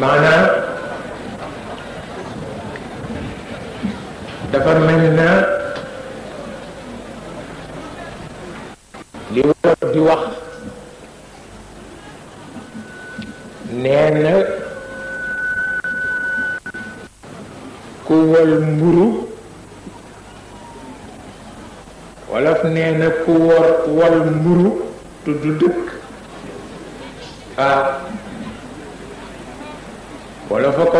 maanaam dafa mel na li wolof di wax nee na ku wol mburu wolof nee ku wor wol mburu tudd dëkk ah wala fa ko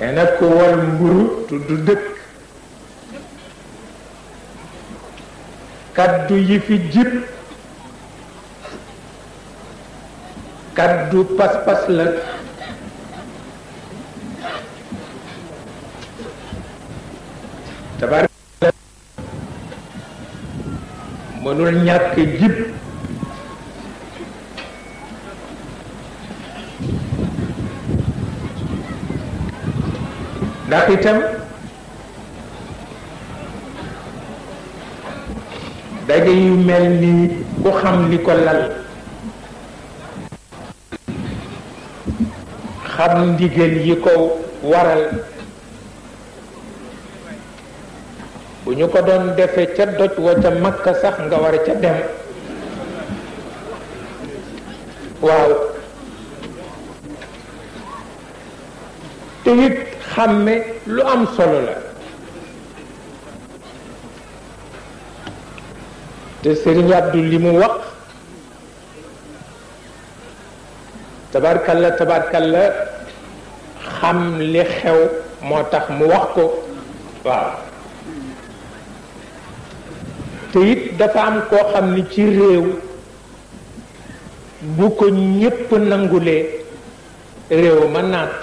wax ko wal mburu tudd dëkk kaddu yi fi jib kaddu pas-pas la mënul ñàkk jib ndax itam daje yu mel ni ku xam li ko lal xam ndigal yi ko waral bu ñu ko doon defe ca doj wa ca makka sax nga war a ca dem xàmme lu am solo la te Serigne Abdou li mu wax tabarkalla tabarkalla xam li xew moo tax mu wax ko waaw te it dafa am koo xam ni ci réew bu ko ñépp nangulee réew ma naat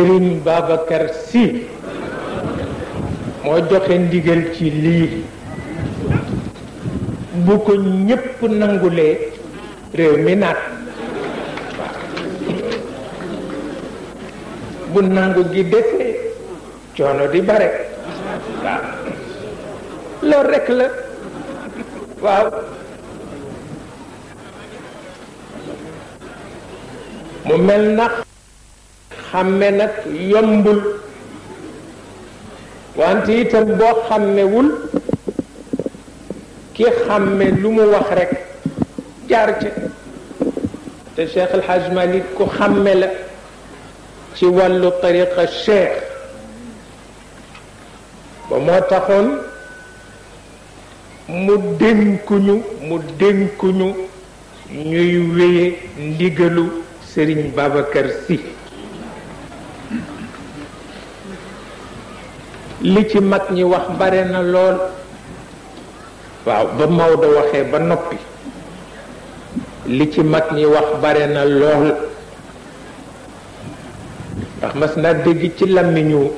Serigne Babacar Sy moo joxe ndigal ci lii bu ko ñépp nangulee réew mi naat bu nangu gi desee coono di bare waaw loolu rekk la waaw mu mel na xàmme nag yombul wante itam boo xàmmewul ki xàmme lu mu wax rekk jaar ca te Cheikh El Hadj ku xàmme la ci wàllu tariqa cheikh ba moo taxoon mu dénkuñu mu dénkuñu ñuy wéye ndigalu Serigne Babacar Sy li ci mag ñi wax bare na lool waaw ba Maodo waxee ba noppi li ci mag ñi wax bare na lool ndax mas naa dégg ci làmmiñu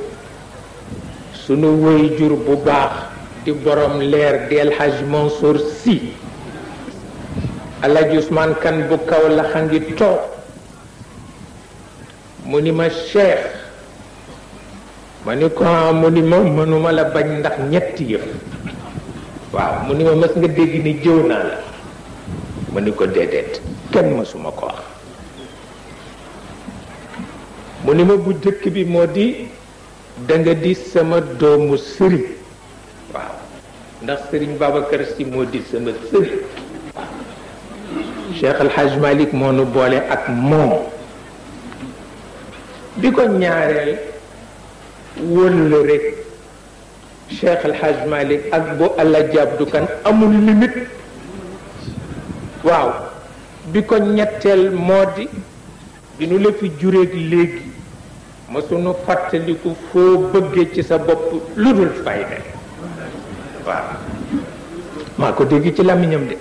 sunu wéy jur bu baax di borom leer di El Hadj si Sy bu kaw la xa toog mu ni ma cheikh ma ni ko ah, mu mënuma la bañ ndax ñetti yëf waaw mu ni nga dégg ni jëw naa la ma ni ko déedéet kenn mësuma ko wax mu bu jëkk bi moo di da di sama doomu sëriñ waaw ndax sëriñ Babacar si moo di sama sëriñ Cheikh El Hadj moo nu boole ak moom bi ko ñaareel wóllëre rek Cheikh El ak bu Alaaji Abdu Kan amul limite waaw bi ko ñetteel moo di bi nu la fi jureeg léegi ma sunu fàttaliku foo bëggee ci sa bopp lu dul fayda waaw maa ko dégg ci làmmiñam de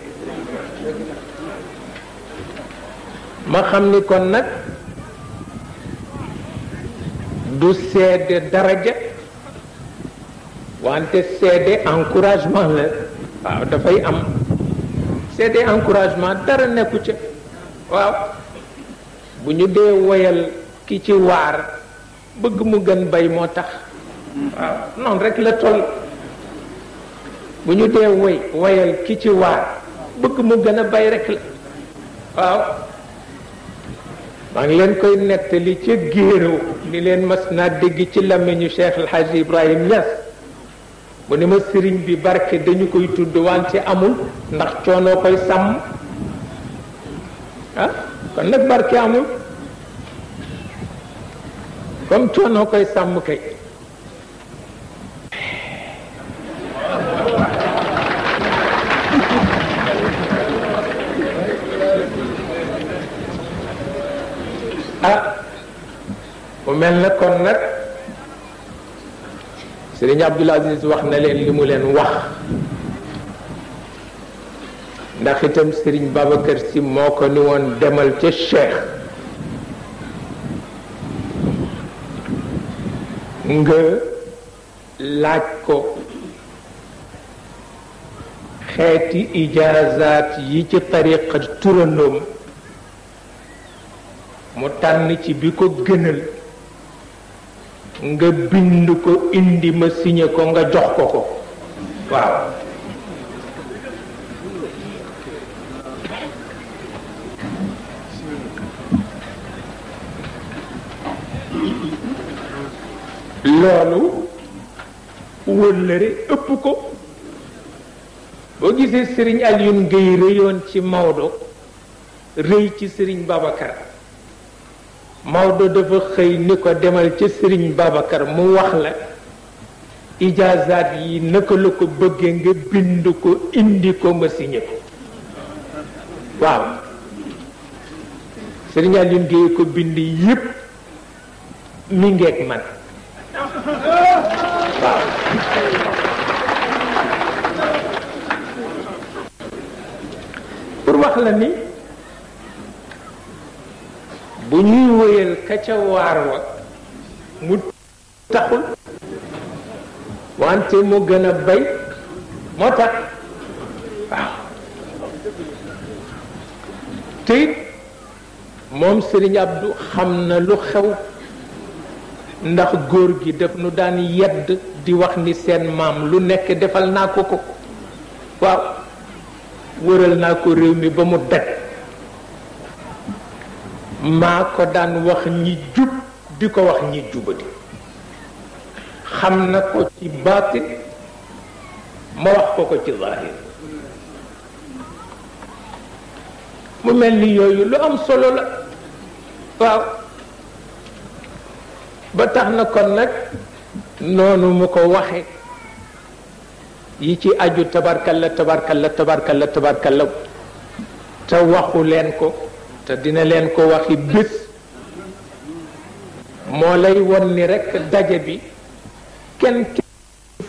ma xam ni kon nag du seede daraja wante seede encouragement la waaw dafay am seede encouragement dara nekku ca waaw bu ñu dee woyal ki ci waar bëgg mu gën bay moo tax waaw noonu rek la toll bu ñu dee woy woyal ki ci waar bëgg mu gën a bay rek la waaw maa ngi leen koy nettali ca géeru ni leen mas naa dégg ci làmmiñu Cheikh El Hadj Ibrahim Niass mu ni ma sëriñ bi barke dañu koy tudd ci amul ndax coonoo koy sàmm ah kon nag barke amul comme coonoo koy sàmm kay mu mel na kon nag Sëriñ Abdul Aziz wax na leen li mu leen wax ndaxitam sëriñ Sëriñ kër Si moo ko ni woon demal ca Cheikh nga laaj ko xeeti ijaazaat yi ci tariqa turandoom mu tànn ci bi ko gënal nga bind ko indi ma signé ko nga jox ko ko waaw loolu wëllëre ëpp ko boo gisee sëriñ Alioune Gueye rëyoon ci Maodo rëy ci sëriñ Babacar Maodo dafa xëy ni ko demal ca Serigne Babacar mu wax la ijaazaat yi naka la ko bëggee nga bind ko indi ko ma signé ko waaw Serigne Alioune Guèye ko bind yépp mi ngeeg man pour wax la ni. bu ñuy wëyal ka ca waar wa mu taxul wante mu gën a bay moo tax waaw te moom Serigne Abdou xam na lu xew ndax góor gi daf nu daan yedd di wax ni seen maam lu nekk defal naa ko ko waaw wëral naa ko réew mi ba mu daj maa ko daan wax ñi jub di ko wax ñi jubadi xam na ko ci baatin ma wax ko ko ci zahir mu mel ni yooyu lu am solo la waaw ba tax na kon nag noonu mu ko waxe yi ci aju tabarkal la tabarkalla tabarkalla tabarkalla tabarkalla te waxu leen ko te dina leen ko waxi bés moo lay won ni rekk daje bi kenn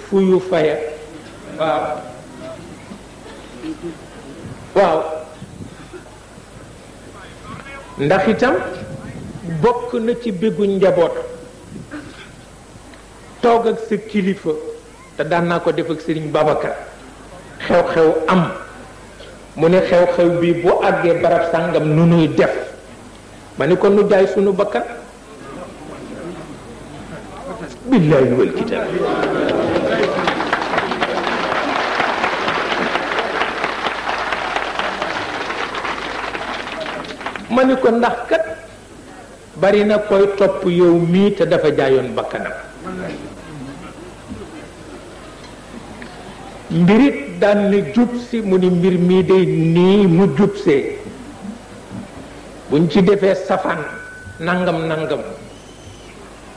fuyu faya waaw waaw ndax itam bokk na ci béggu njaboot toog ak sa kilifa te daan na ko def ak Sëriñ Babacar xew-xew am mu ne xew-xew bi boo àggee barab sàngam nu nuy def ma ne kon nu jaay sunu bakkan billaahi wal kitaab ma ni ko ndax kat bari na koy topp yow mii te dafa jaayoon bakkanam mbirit daan na jub mu ni mbir mii de nii mu jub see buñ ci defee safaan nangam nangam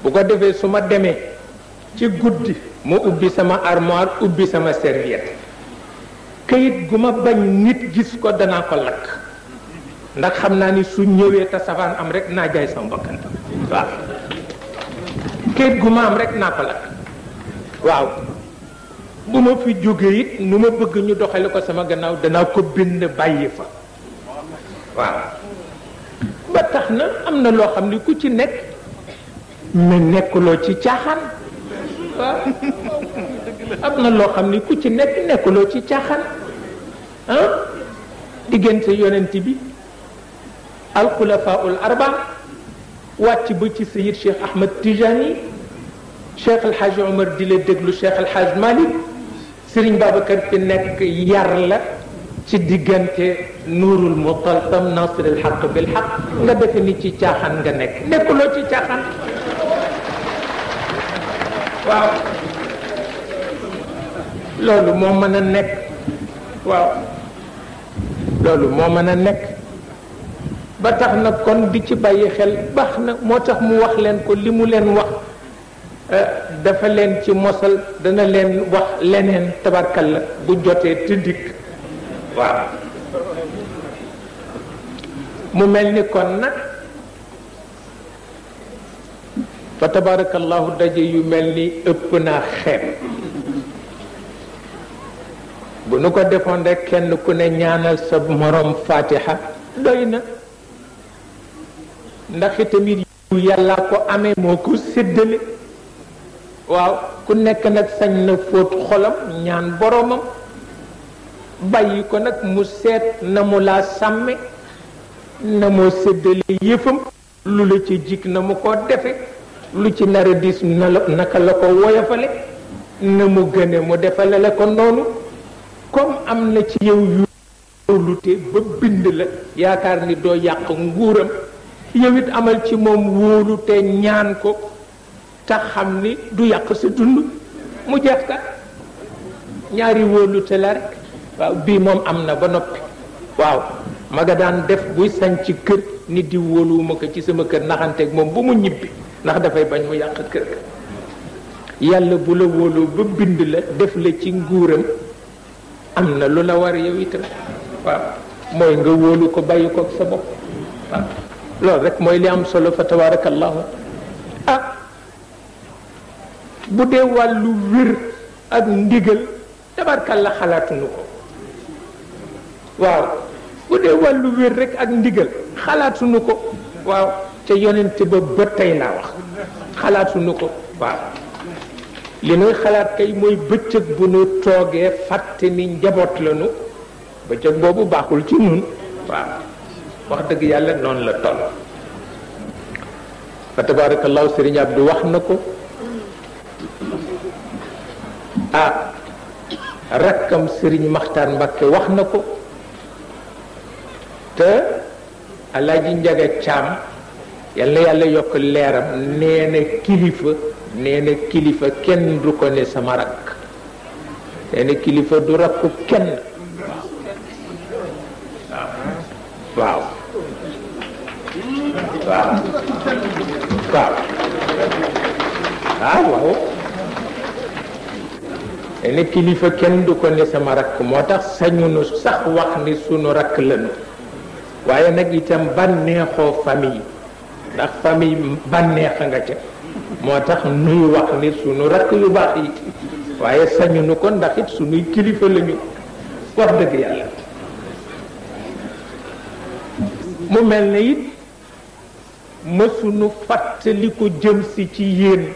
bu ko defee su ma demee ci guddi mu ubbi sama armoire ubbi sama serviette këyit gu ma bañ nit gis ko danaa ko lakk ndax xam naa ni su ñëwee te safaan am rek naa jaay sama bakkan waaw këyit gu ma am rek naa ko lakk waaw bu ma fi jógee it nu ma bëgg ñu doxale ko sama gannaaw danaa ko bind bàyyi fa waaw ba tax na am na loo xam ni ku ci nekk mais nekkuloo ci caaxaan waaw am na loo xam ni ku ci nekk nekkuloo ci caaxaan ah diggante yonent bi alxulafaul arba wàcc ba ci sayid Cheikh Ahmed Tijani Cheikh El Omar di la déglu Cheikh El Hadj sëriñ Babacar Sy nekk yar la ci diggante nuurul mutaltam nasril xaq bil xaq nga defe ni ci caaxaan nga nekk nekkuloo ci caaxaan waaw loolu moo mën a nekk waaw loolu moo mën a nekk ba tax na kon di ci bàyyi xel baax na moo tax mu wax leen ko li mu leen wax Eh, dafa leen ci mosal dana leen wax leneen tabarkal la bu jotee te dikk waaw mu mel ni kon nag fa tabarakallahu daje yu mel ni ëpp naa xeeb bu nu ko defoon rek kenn ku ne ñaanal sa morom fatiha doy na ndax itamit yu yàlla ko amee moo ko séddale waaw ku nekk nag sañ na fóot xolam ñaan boroomam bàyyi ko nag mu seet na mu laa sàmme na moo séddale yëfam lu la ci jik na mu ko defe lu ci nar a diis na la naka la ko woyofale na mu gëne mu defale la ko noonu comme am na ci yow yu wóolute ba bind la yaakaar ni doo yàq nguuram yow it amal ci moom wóolute ñaan ko te xam ni du yàq sa dund mu jeex kat ñaari wóolu la rek waaw bii moom am na ba noppi waaw ma nga daan def buy sañ ci kër nit di wóoluwuma ko ci sama kër naxanteeg moom bu mu ñibbi ndax dafay bañ mu yàq kër yàlla bu la wóolu ba bind la def la ci nguuram am na lu la war yow itam waaw mooy nga wóolu ko bàyyi ko ak sa bopp waaw loolu rek mooy li am solo fa tabarakallahu ah bu dee wàllu wér ak ndigal tabarkal la xalaatuñu ko waaw bu dee wàllu wér rek ak ndigal xalaatuñu ko waaw te yonent ba ba tey laa wax xalaatuñu ko waaw li nuy xalaat kay mooy bëccëg bu nu toogee fàtte ni njaboot la nu bëccëg boobu baaxul ci nun waaw wax dëgg yàlla noonu la toll fa tabarakallahu sëriñ Abdou wax na ko ah rakkam sëriñ maxtaar mbakke wax na ko te alaaji njaga caam yàlla yàlla yokk leeram nee kilifa nee kilifa kenn du ko ne sama rakk nee kilifa du rakku kenn waaw waaw waaw waaw waaw ne kilifa kenn du ko ne sama rakk moo tax sañunu sax wax ni sunu rakk lanu waaye nag itam bànneexoo famille ndax famille bànneex nga ca moo tax nuy wax ni sunu rakk yu baax yi waaye sañunu ko ndax sunuy kilifa lañu wax dëgg yàlla mu mel ne it mësunu fàttali ko jëm si ci yéen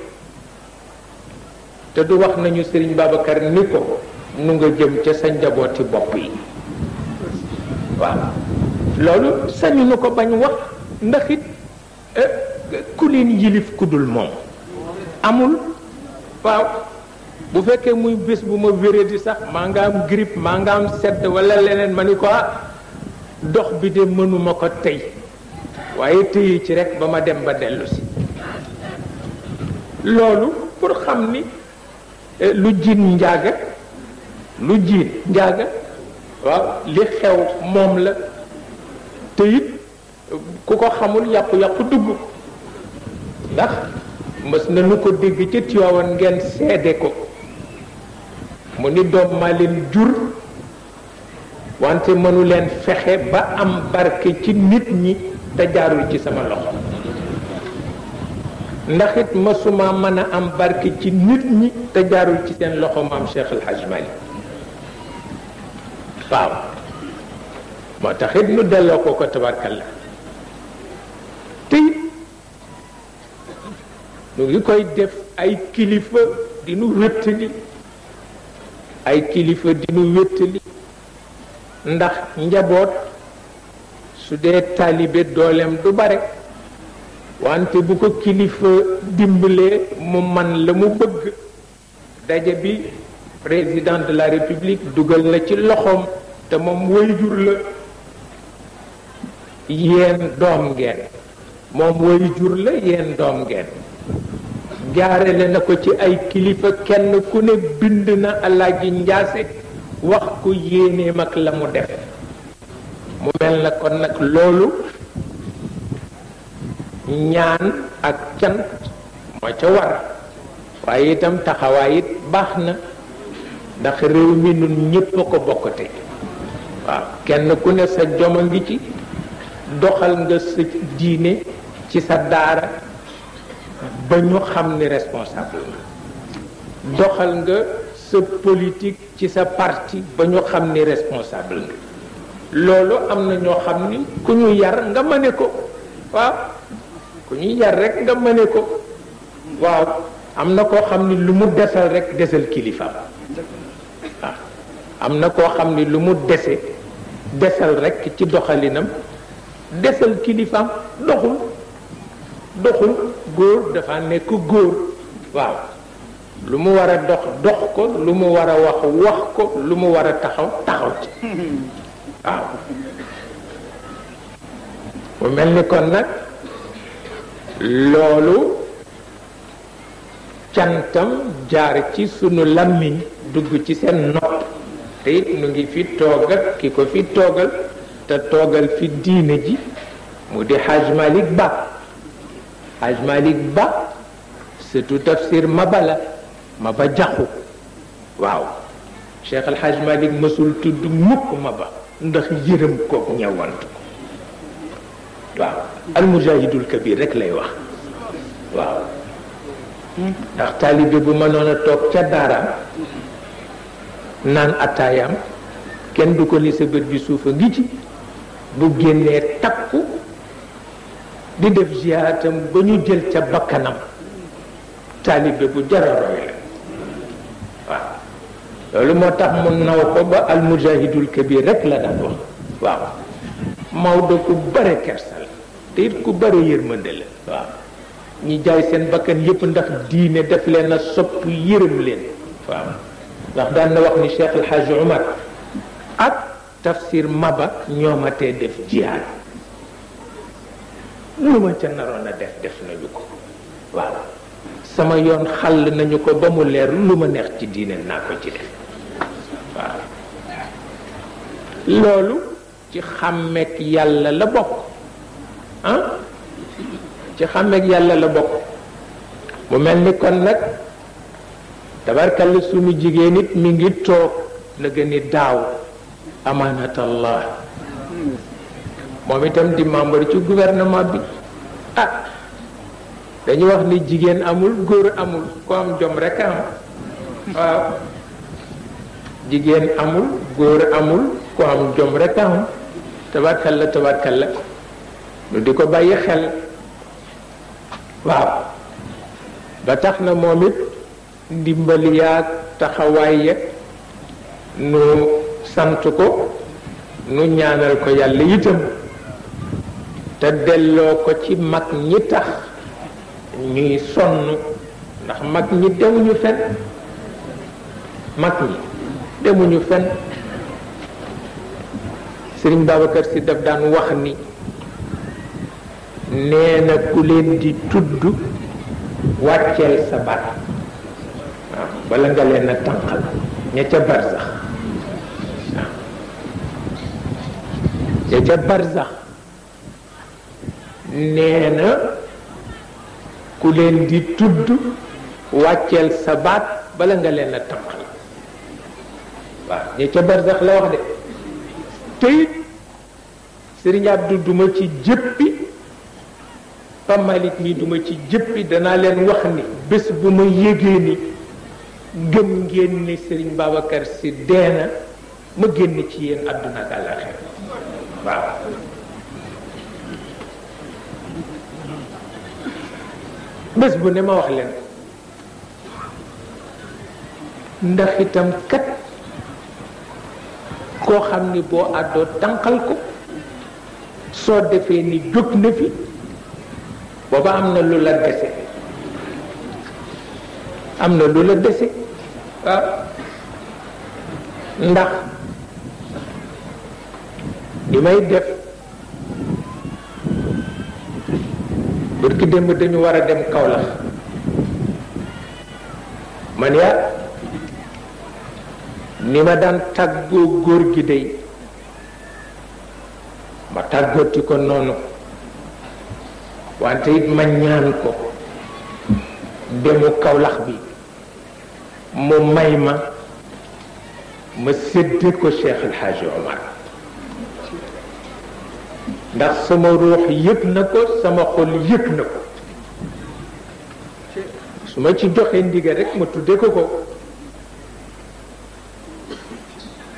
te du wax nañu sëriñ Babacar ni ko nu nga jëm ca sa njabooti bopp yi waaw loolu sañu nu ko bañ wax ndax it eh, ku leen yilif kudul moom amul waaw bu fekkee muy bés bu ma wéradi sax maa nga am grippe maa nga am sedd wala leneen ma ni ko ah, dox bi de mënuma ko tey waaye téye ci rek ba ma dem ba dellusi loolu pour xam ni Eh, lu jiin njaaga lu jiin njaaga waaw li xew moom la te ku ko xamul yàqu-yàqu dugg ndax mës na nu ko dégg ca Tiwaawan ngeen seede ko mu ni doom maa jur wante mënu leen fexe ba am barke ci nit ñi te jaarul ci sama loxo ndaxit masuma mën a am barke ci nit ñi te jaarul ci seen loxo maam Cheikh El waaw moo taxit it nu delloo ko ko tabarkalla te it nu ngi koy def ay kilifa di nu ay kilifa dinu nu ndax njaboot su dee taalibe dooleem du bare wante bu ko kilifa dimbalee mu man la mu bëgg daje bi président de la république dugal na ci loxoom te moom wayjur la yéen moom wayjur la yéen doom ngeen jaarale na ko ci ay kilifa kenn ku ne bind na alaaji njaase wax ko yéeneem ak la mu def mu mel na kon nag loolu ñaan ak can moo ca war waaye itam taxawaay it baax na ndax réew mi nun ñépp a ko bokkate waaw kenn ku ne sa jom a ngi ci doxal nga sa diine ci sa daara ba ñu xam ni responsable nga doxal nga sa politique ci sa parti ba ñu xam ne responsable nga loolu am na ñoo xam ni ku ñu yar nga mëne ko waaw ku ñuy yar rek nga mëne ko waaw am na koo xam ni lu mu desal rek desal kilifaam waaw am na koo xam ne lu mu dese desal rekk ci doxalinam desal kilifaam doxul doxul góor dafa nekk góor waaw lu mu war dox dox ko lu mu war wax wax ko lu mu war a taxaw taxaw ci waaw mu mel ni kon nag loolu cantam jaar ci sunu làmmiñ dugg ci seen nopp te it nu ngi fi toogal ki ko fi toogal te toogal fi diine ji mu di Haj Malik Ba Haj Malik Ba surtout tafsir Mabala ba Jaxu waaw Cheikh Al Haj Malik mësul tudd mukk ba ndax yërëm kook ñëwantu ko waaw almujahidul kabir rek lay wax waaw ndax taalibe bu mënoon a toog ca daaraam naan attaayaam kenn du ko ni sa bët bi suufa ngi ci bu génnee takku di def ziyaatam ba ñu jël ca bakkanam taalibe bu jara la waaw loolu moo tax mu naw ko ba almujahidul kabir rek la daan wax waaw Maodo ku bare kersa te ku bare yërmande la waaw ñi jaay seen bakkan yépp ndax diine def leen a sopp yërëm leen waaw ndax daan na wax ni Cheikh El Hadj ak tafsir Maba ñoomatee def jihaad lu ma ca naroon a def def nañu ko waaw sama yoon xàll nañu ko ba mu leer lu ma neex ci diine naa ko ci def waaw loolu ci xàmmeek yàlla la bokk ah ci xàmmeeg yàlla la bokk mu mel ni kon nag tabarkalla sunu jigéen it mu ngi toog na gën ni daaw amaanatallah moom itam di membre ci gouvernement bi ah dañu wax ni jigéen amul góor amul ko am jom rek am waaw jigéen amul góor amul ko am jom rek am tabarkalla tabarkalla ñu di ko bàyyi xel waaw ba tax na moom it ndimbali yaag taxawaay ya nu sant ko nu ñaanal ko yàlla itam te delloo ko ci mag ñi tax ñuy sonn ndax mag ñi demuñu fen mag ñi demuñu fen Sëriñ Babacar Si daf daan wax ni nee na ku leen di tudd wàcceel sa baat waaw bala nga leen a tànqal ca barsax waaw ca barsax nee na ku leen di tudd wàcceel sa baat bala nga leen a tànqal waaw ña ca barsax la wax de te it Sëriñ Abdu duma ci jëppi Pape Malick duma ci jëppi danaa leen wax ni bés bu ma yégee ni gëm ngeen ni Serigne Babacar Sy dee na ma génn ci yéen àdduna ak bés bu ne ma wax leen ndax itam kat koo xam ni boo àddoo tànqal ko soo defee ni jóg na fi booba am na lu la dese am na lu la dese waaw ah. ndax li may def bërki démb dañu war a dem Kaolack man yaa ni ma daan tàggoo góor gi dey ma tàggooti ko noonu wante it ma ñaan ko demu kawlax bi mu may ma ma séddee ko Cheikh El Omar ndax sama ruux yëg na ko sama xol yëg na ko su ma ci joxee ndigal rek ma tuddee ko ko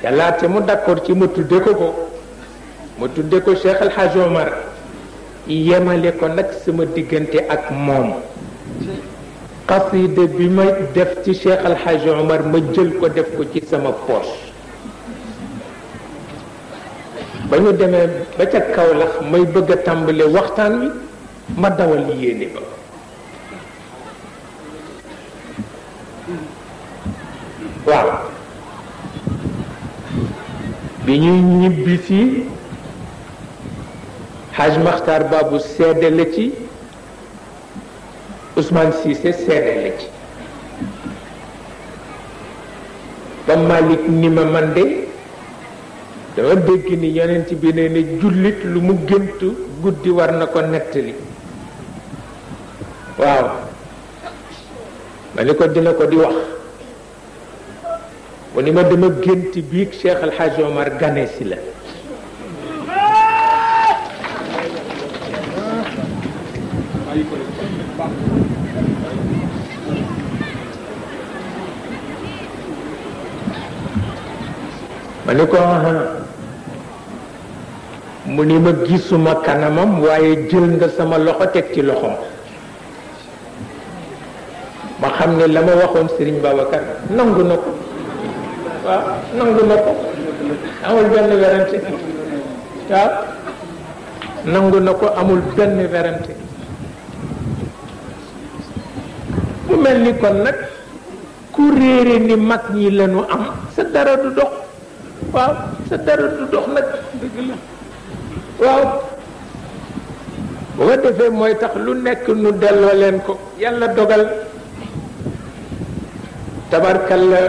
yàlla te mu d'accord ci ma tuddee ko ko ma tuddee ko Cheikh El Omar yemale ko nag sama diggante ak moom xasida bi ma def ci Cheikh Al Omar ma jël ko def ko ci sama poche ba ñu demee ba ca Kaolack may bëgg a tàmbale waxtaan wi ma dawal yéene ba waaw bi ñuy ñibbisi xaaj maxtaar baabu seede la ci Ousmane Cissé seede ci ba ni ma man de dama dégg ni yonent bi nee na jullit lu mu gént guddi war na ko nettali waaw ma ni ko dina ko di wax mu ni ma dama gént biig Cheikh Alhaji Omar Gane la ma ne ko mu ni ma gisuma kanamam waaye jël nga sama loxo teg ci loxoom ma xam ne la ma waxoon Serigne Babacar nangu na ko waaw nangu na ko amul benn werante waaw nangu na ko amul benn werante mu mel ni kon nag ku réere ni mag ñi lañu am sa dara du dox waaw sa dara du dox nag dëgg la waaw bu defee mooy tax lu nekk nu delloo leen ko yàlla dogal tabarkalla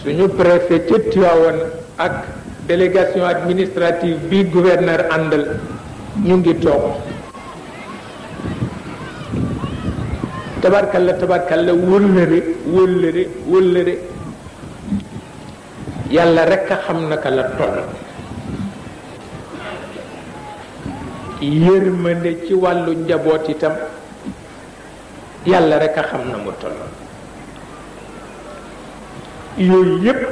suñu préfet ca Tivaouane ak délégation administrative bi gouverneur àndal ñu ngi toog tabarkal tabarkalla wëllëre wëllëre wëllëre yàlla rekk a xam naka la toll yërmande ci wàllu njaboot itam yàlla rekk a xam na mu toll yooyu yépp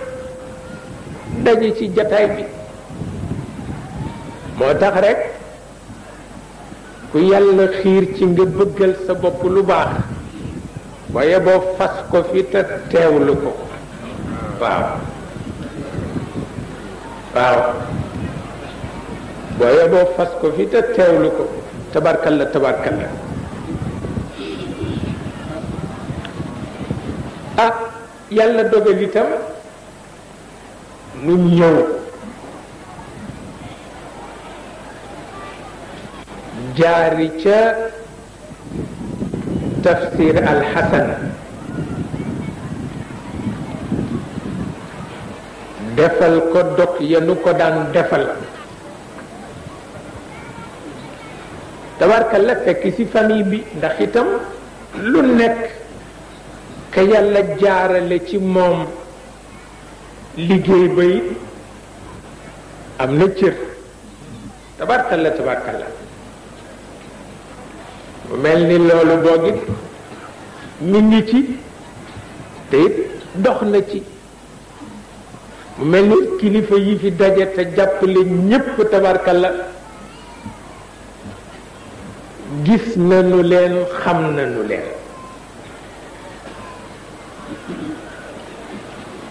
daje ci jataay bi moo tax rekk ku yàlla xiir ci nga bëggal sa bopp lu baax waaye boo fas ko fi te teewlu ko waaw waaw boo yeboo fas ko fi te teewlu ko tabarkalla tabarkalla ah yàlla dogal itam nu ñëw jaari ca tafsir alxasan defal ko dog yenu ko daan defal tabarka la fekk ci famille bi ndax itam lu nekk ka yàlla jaarale ci moom liggéey ba it am na cër tabarka la tabarka la mel ni loolu boo gis nit ci te it dox na ci mu mel ni kilifa yi fi daje te jàppale ñépp la gis na nañu leen xam na nañu leen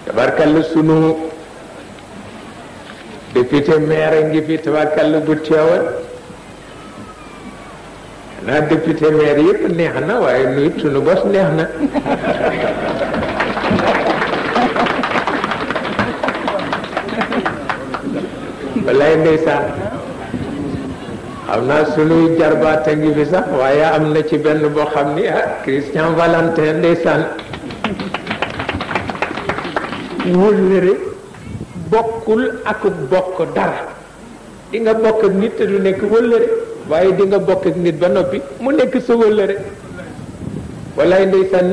tabarkalla sunu député maire a ngi fi tabarkalla bu teewal xanaa député maire yëpp neex na waaye nu sunu bos neex na wallaay ndeysaan xam naa sunuy jarbaat a ngi fi sax waaye am na ci benn boo xam ni ah Christian Valentin ndeysaan wëllëre bokkul ak bokk dara di nga bokk ak nit te du nekk wëllëre waaye di bokk ak nit ba noppi mu nekk sa wëllëre wallaay ndeysaan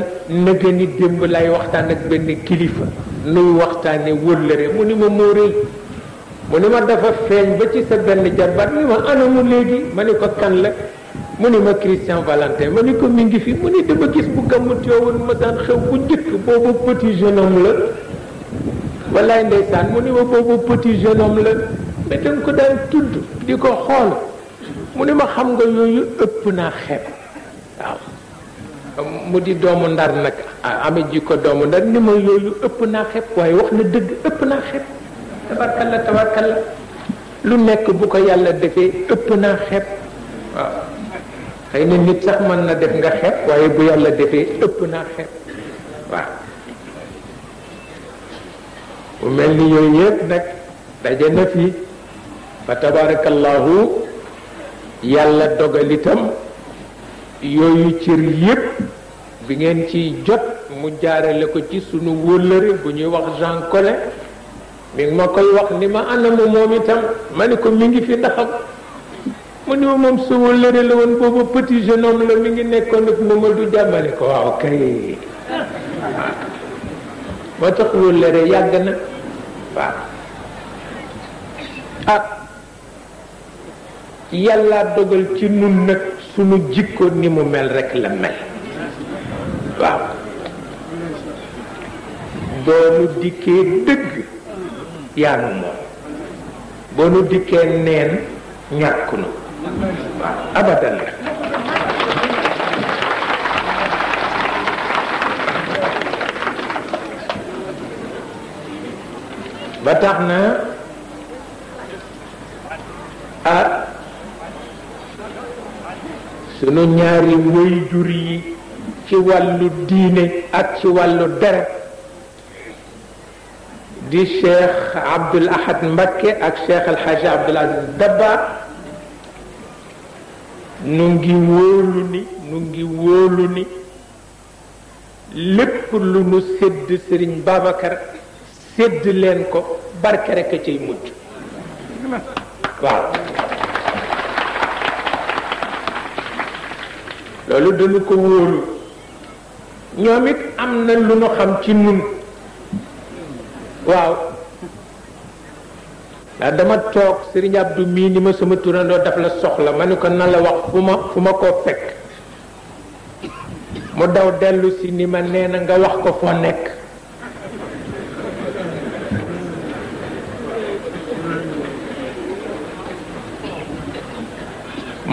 nëgë ni démb lay waxtaan ak benn kilifa nuy waxtaane wëllëre mu ni ma moo rëy mu ne ma dafa feeñ ba ci sa benn jarbaat mu ne ma anamu léegi ma ni ko kan la mu ne ma Christian Valentin ma ni ko mi ngi fii mu ne dama gis bu gàmmu Tiwaawan ma daan xew bu njëkk boobu petit jeune homme la wallaay ndeysaan mu ne ma boobu ko daan tudd di ko xool mu ni ma xam nga yooyu ëpp naa xeeb waaw mu di doomu ndar nag ame ji ko doomu ndar ni ma yooyu ëpp naa xeeb waaye wax na dëgg ëpp naa xeeb tabarkal la tabarkal la lu nekk bu ko yàlla defee ëpp naa xeeb waaw xëy na nit sax mën na def nga xeeb waaye bu yàlla defee ëpp naa xeeb waaw bu mel ni yooyu yëpp nag daje na fi fa tabarakallahu yàlla dogal itam yooyu cër yëpp bi ngeen ciy jot mu jaarale ko ci sunu wóllëre bu ñuy wax Jean Collin mi ngi ma koy wax ni ma anamu moom itam ma ni ko mu ngi fi ndaxam mu ni ma moom suma lëre la woon boobu petit jeune homme la mi ngi nekkoon ak Mamadou Dia ma ni ko waaw kay moo tax loolu yàgg na waaw ah yàlla dogal ci nun nag sunu jikko ni mu mel rek la mel waaw doonu dikkee dëgg yaa nu moom boo nu dikkee neen ñàkk nu waaw abadan ba tax na ah sunu ñaari wayjur yi ci wàllu diine ak ci wàllu deret di cheikh Abdul Ahad Mbakke ak cheikh El Abdul Aziz Dabba nu ngi wóolu ni nu ngi wóolu ni lépp lu nu sédd Serigne Babacar sédd leen ko barke rek a cay mujj waaw loolu dañu ko wóolu ñoom it am na lu nu xam ci nun waaw ndax dama toog Serigne Abdou mii ni ma sama turandoo daf la soxla ma ne ko na la wax fu ma fu ma koo fekk mu daw dellu ni ma nee na nga wax ko nekk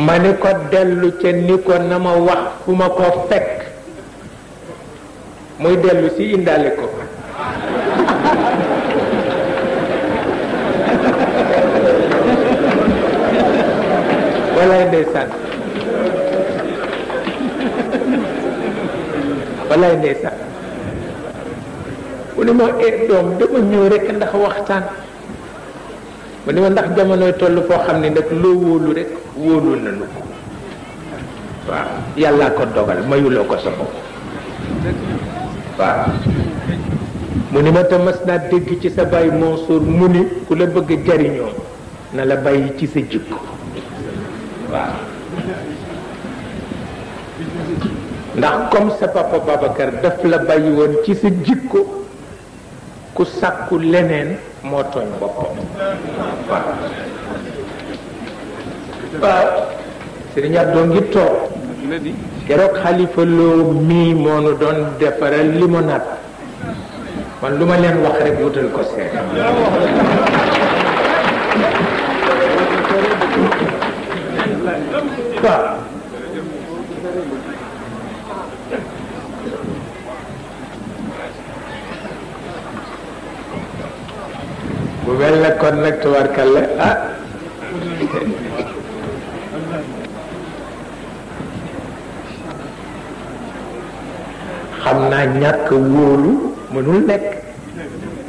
ma ni ko dellu ca ni ko na ma wax fu ma ko fekk muy dellu si indaale ko walaay ndeysaan walaay ndeysaan mu ne ma ee eh, doom dama ñëw rek ndax waxtaan mu ne ma ndax jamonoy toll foo xam ne nag loo wóolu rek wóolu nanu ko waaw yàllaa ko dogal mayuloo ko sa bopp waaw mu ni ma te naa dégg ci sa bàyyi Mansour mu ni ku la bëgg jariñoo na la bàyyi ci sa jikko waaw ndax comme sa papa Babacar daf la bàyyi woon ci sa jikko ku sàkku leneen moo tooñ boppam waaw sëriñ Abdou ngi toog keroog xalifa loo mii moo doon defaral limonade man lu ma leen wax rek wutal ko seet mel na kon nag tubarkalla ah xam naa ñàkk wóolu mënul nekk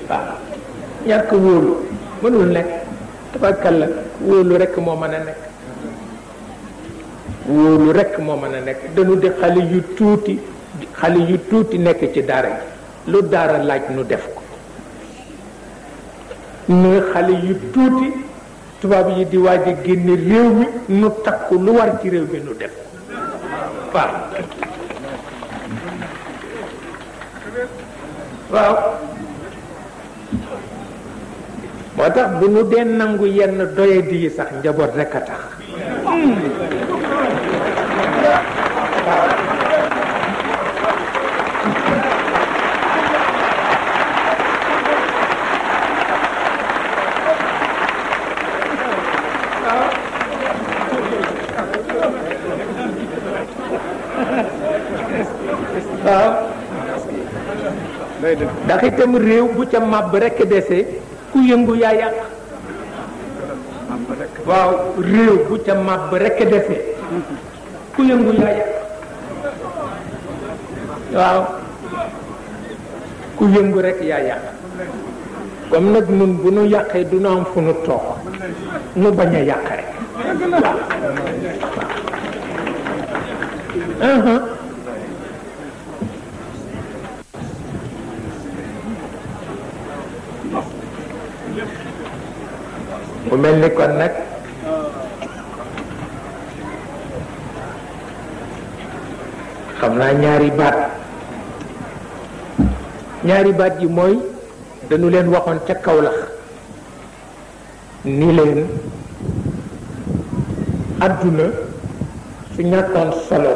waaw ñàkk wóolu mënul nekk tubarkalla wóolu rekk moo mën a nekk wóolu rekk moo mën a nekk dañu di xale yu tuuti xale yu tuuti nekk ci daara ji lu daara laaj nu def ko ne xale yu tuuti tubaab yi di waaj a génne réew mi nu takku lu war ci réew mi nu def waaw waaw moo tax bu nu dee nangu yenn doye di yi sax njaboot rekk a tax ndax itam réew bu ca màbb rekk dese ku yëngu yaa yàq waaw réew bu ca màbb rekk dese ku yëngu yaa yàq waaw ku yëngu rekk yaa yàq comme nag nun bu nu yàqee du nu am fu nu toog nu bañ a yàq rekk mel ni kon nag xam naa ñaari baat ñaari baat yi mooy dañu leen waxoon ca Kawlax ni leen àdduna su ñàkkoon solo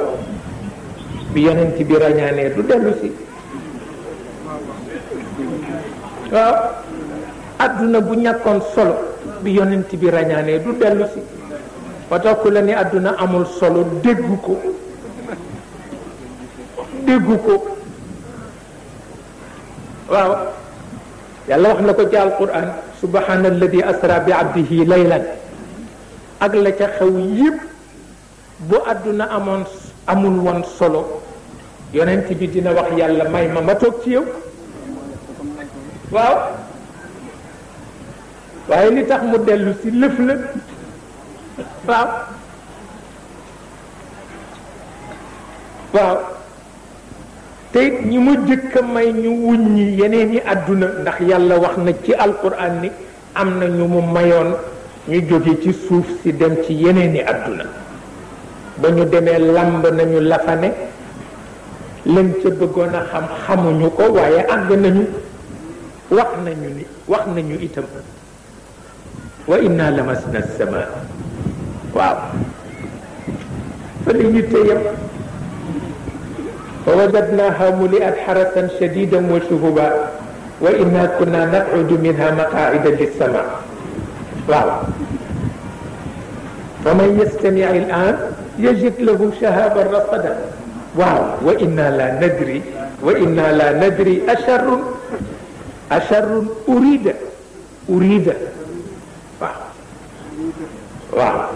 bi yonent bi rañaanee du dellu si waaw adduna bu ñàkkoon solo bi yonent bi rañaanee du dellu si ba la ni àdduna amul solo déggu ko déggu ko waaw yàlla wax na ko ci alquran subhana alladi asra bi abdihi laylan ak la ca xew yépp bu àdduna amoon amul woon solo yonent bi dina wax yàlla may ma ma toog ci yow waaw waaye li tax mu dellu si lëf la waaw waaw te ñi mu jëkk a may ñu wuññi yeneen yi àdduna ndax yàlla wax na ci alquran ni am na ñu mu mayoon ñu jóge ci suuf si dem ci yeneen i àdduna ba ñu demee lamb nañu lafane lañ ca bëggoon a xam xamuñu ko waaye àgg nañu wax nañu ni wax nañu itam wa inna lamasna sama waaw fa la yitte yam fa wajadnaha muliat xarasan shadidan wa shuhuba wa inna kunna naqudu minha maqaida lissama waaw faman yastami alan yajid lahu shahaban rasada waaw wa inna la nadri wa inna la nadri asharrun asharrun urida urida waaw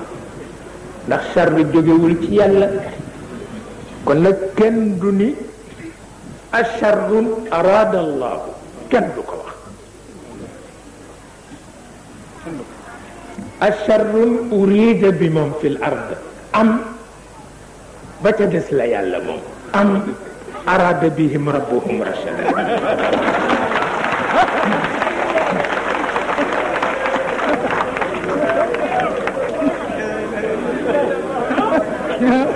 ndax charre jógewul ci yàlla kon nag kenn du ni acharrun araada allahu kenn du ko wax acharrun urida bi moom fi l ard am ba ca des la yàlla moom am araada bihim rabbuhum rachada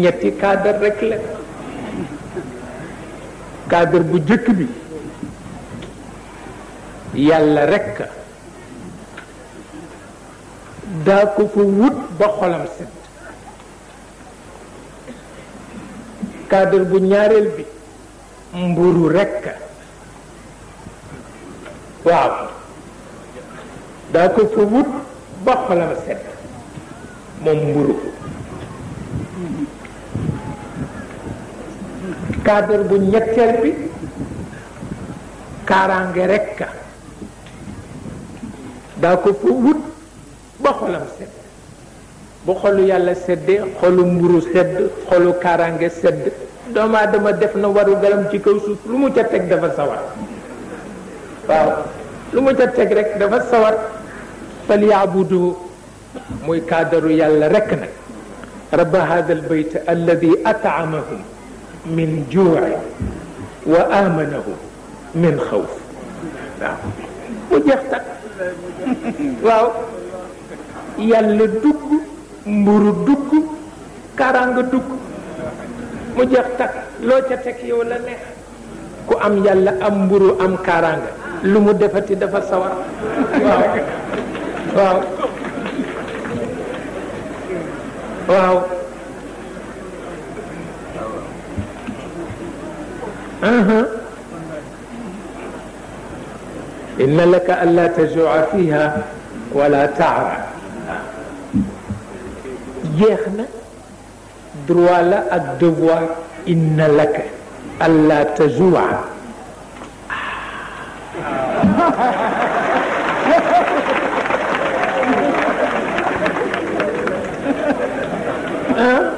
ñetti cadre rek la cadre bu jëkk bi yàlla rekk daa ko fa wut ba xolam set cadre bu ñaareel bi mburu rekk waaw daa ko fa wut ba xolam set moom mburu cadre bu ñetteel bi kaaraange rekk daa ko fa wut ba xolam sedd bu xolu yàlla seddee xolu mburu sedd xolu kaaraange sedd doomu aadama def na waru galam ci kaw suuf lu mu ca teg dafa sawar waaw lu mu ca teg rek dafa sawar fal yaabudu muy kaadaru yàlla rekk nag rabba hada albayt alladi atamahum min juuci wa aamanahu min xawf waaw bu jeex tak waaw yàlla dugg mburu dugg kaaraanga dugg mu jeex tak loo ca teg yow la neex ku am yàlla am mburu am kaaraanga lu mu defati dafa sawar waaw waaw waaw Uh-huh. inna laka alla tajua fiha wala taara jeex na droit la ak devoir inna laka alla tajua ah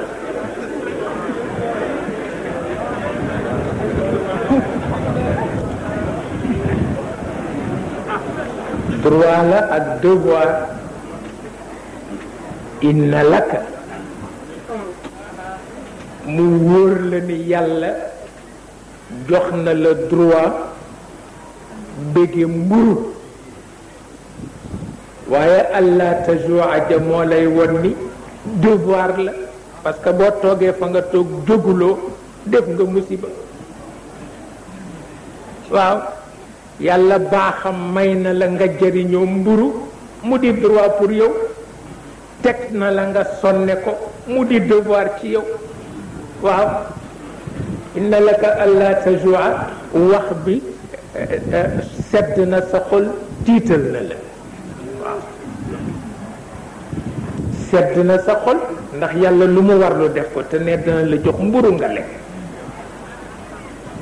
droit la ak devoir inna laka mu wóor la ni yàlla jox na la droit bëgge mburu waaye allah tajoaja moo lay won ni devoir la parce que boo toogee fa nga toog jóguloo def nga musiba waaw yàlla baaxam may na la nga jëriñoo mburu mu di droit pour yow teg na la nga sonne ko mu di devoir ci yow waaw inna laka allah tajua wax bi eh, eh, sedd na sa xol tiital na la sedd na sa xol ndax yàlla lu mu war lu def ko te ne dana la jox mburu nga lekk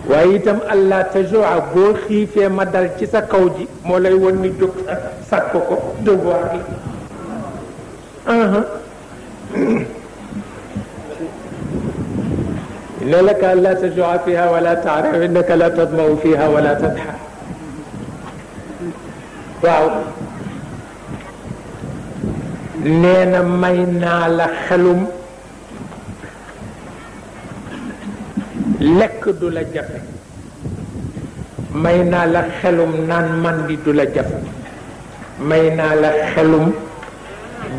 waaye itam allah tajua boo xiifee ma dal ci sa kaw ji moo lay won ni jóg sàkk ko devoir bi ne la ka allah tajua fiha wala taara innaka la tadmau fiha wala tadha waaw nee na may naa la xelum lekk du la jafe may naa la xelum naan màndi du la jafe may naa la xelum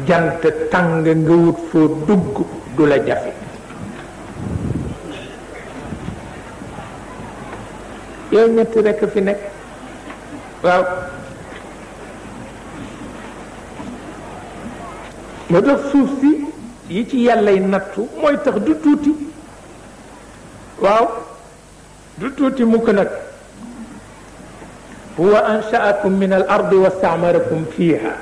jant tàng nga wut foo dugg du la jafe yooyu ñett rekk fi nekk waaw moo tax suuf si yi ci yàllay nattu mooy tax du tuuti waaw du tuuti mukk nag huwa anshaakum min al ardi wa staamarakum fiiha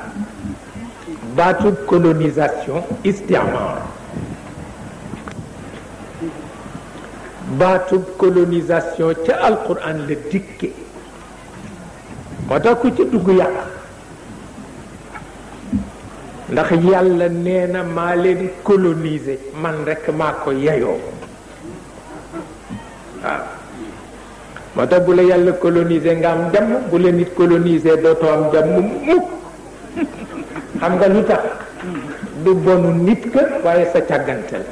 baatub colonisation istiamar baatub colonisation ca alquran la dikke moo ci dugg yàq ndax yàlla nee na maa leen colonisé man rekk maa ko waaw moo tax bu la yàlla colonisé nga am jàmm bu la nit colonisé dootoo am jàmm mukk xam nga lu tax du bonu nit ka waaye sa càggante la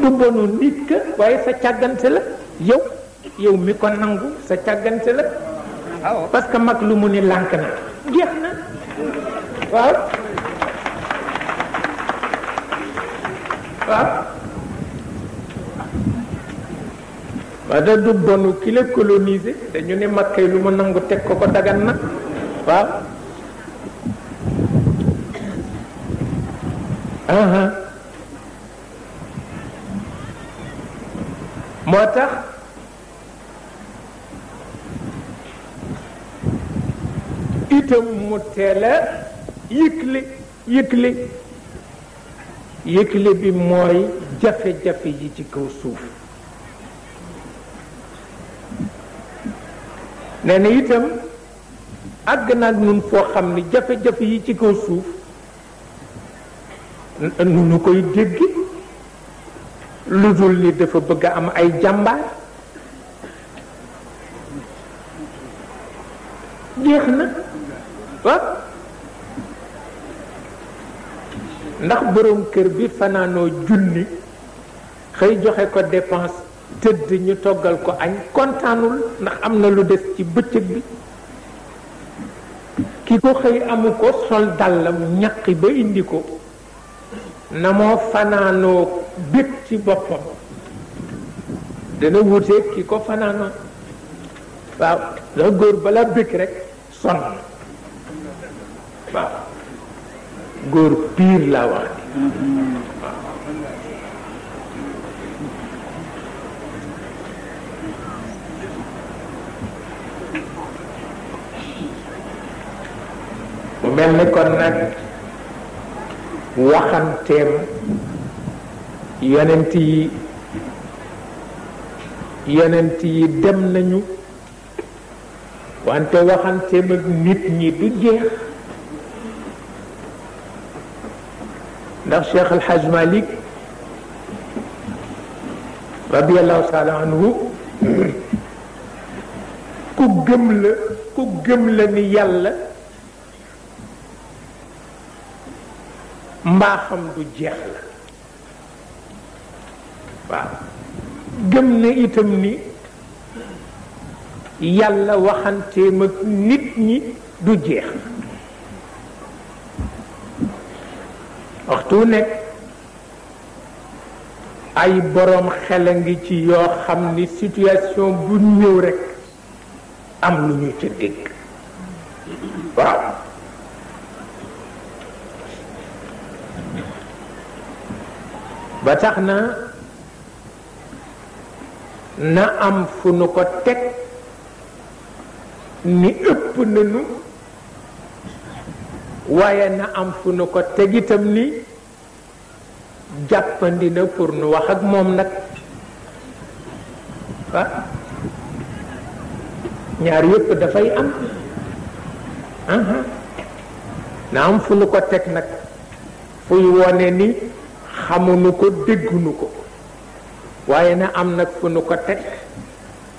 du bonu nit ka waaye sa càggante la yow yow mi ko nangu sa càggante la ah, oh. parce que mag lu mu ni lànk na jeex na waaw waaw waa da du donu ki la dañu ne makka lu ma nangu teg ko ko dagan na waaw aha moo tax itam mu teel a yëgle yëgle bi mooy jafe-jafe yi ci kaw suuf nee na itam àgg na ak foo xam ne jafe-jafe yi ci kaw suuf nu ñu koy déggi lu dul ni dafa bëgg am ay jàmbaar jeex na waaw ndax borom kër bi fanaanoo junni xëy joxe ko dépense tëdd ñu toggal ko ak kontaanul ndax am na lu des ci bëccëg bi ki ko xëy amu ko sol dàllam ñaqi ba indi ko na moo fanaanoo bég ci boppam dana wuteeg ki ko fanaanoo waaw ndax góor balaa bég rekk sonn waaw góor piir laa wax mel ni kon nag waxanteem yonent yi yonent yi dem nañu wante waxanteem ak nit ñi du jeex ndax Cheikh Al Hadj Malick radiallahu taala anhu ku gëm la ku gëm la ni yàlla mbaaxam du jeex la waaw gëm na itam ni yàlla waxanteem ak nit ñi du jeex waxtu nekk ay boroom xel a ngi ci yoo xam ni situation bu ñëw rekk am lu ñu ca dégg waaw ba tax na na am fu nu ko teg ni ëpp nanu waaye na am fu nu ko teg itam ni jàppandi pour nu wax ak moom nag ah ñaar yëpp dafay am na am fu nu ko teg nag fuy wone ni xamuñu ko dégguñu ko waaye na am nag fu nu ko teg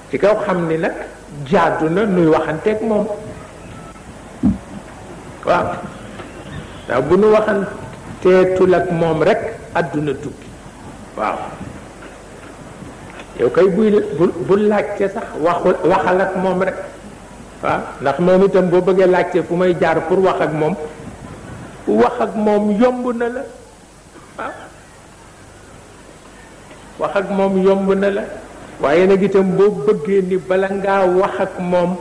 ci kaw xam ni nag jaadu na nuy waxanteeg moom waaw ndax bu nu waxanteetul ak moom rek àdduna tukki waaw yow kay buy bu laajte sax waxul waxal ak moom rek waaw ndax moom itam boo bëggee laajte fu may jaar pour wax ak moom wax ak moom yomb na la wax ak moom yomb na la waaye nag itam boo bëggee ni bala ngaa wax ak moom